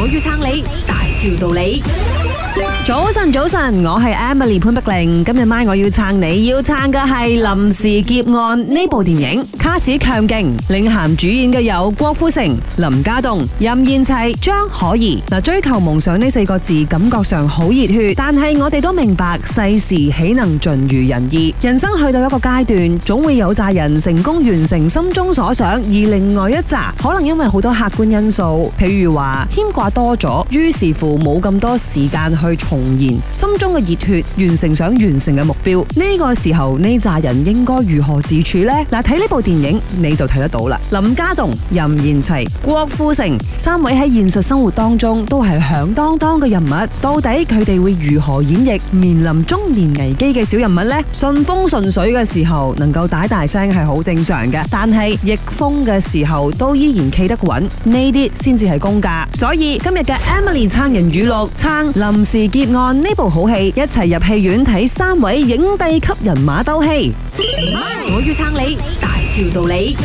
我要撐你。條道理，早晨早晨，我係 Emily 潘碧玲。今日晚我要撐你，要撐嘅係《臨時劫案》呢部電影，卡士強勁，領銜主演嘅有郭富城、林家棟、任賢齊、張可頤。嗱，追求夢想呢四個字，感覺上好熱血，但係我哋都明白世事豈能盡如人意。人生去到一個階段，總會有紮人成功完成心中所想，而另外一紮可能因為好多客觀因素，譬如話牽掛多咗，於是乎。冇咁多時間去重燃心中嘅熱血，完成想完成嘅目標。呢個時候呢扎人應該如何自處呢？嗱，睇呢部電影你就睇得到啦。林家棟、任賢齊、郭富城三位喺現實生活當中都係響當當嘅人物，到底佢哋會如何演繹面臨中年危機嘅小人物呢？順風順水嘅時候能夠大大聲係好正常嘅，但係逆風嘅時候都依然企得穩，呢啲先至係功架。所以今日嘅 Emily 餐。人語錄撐，臨時劫案呢部好戲，一齊入戲院睇三位影帝級人馬鬥戲。我要撐你，大條道理。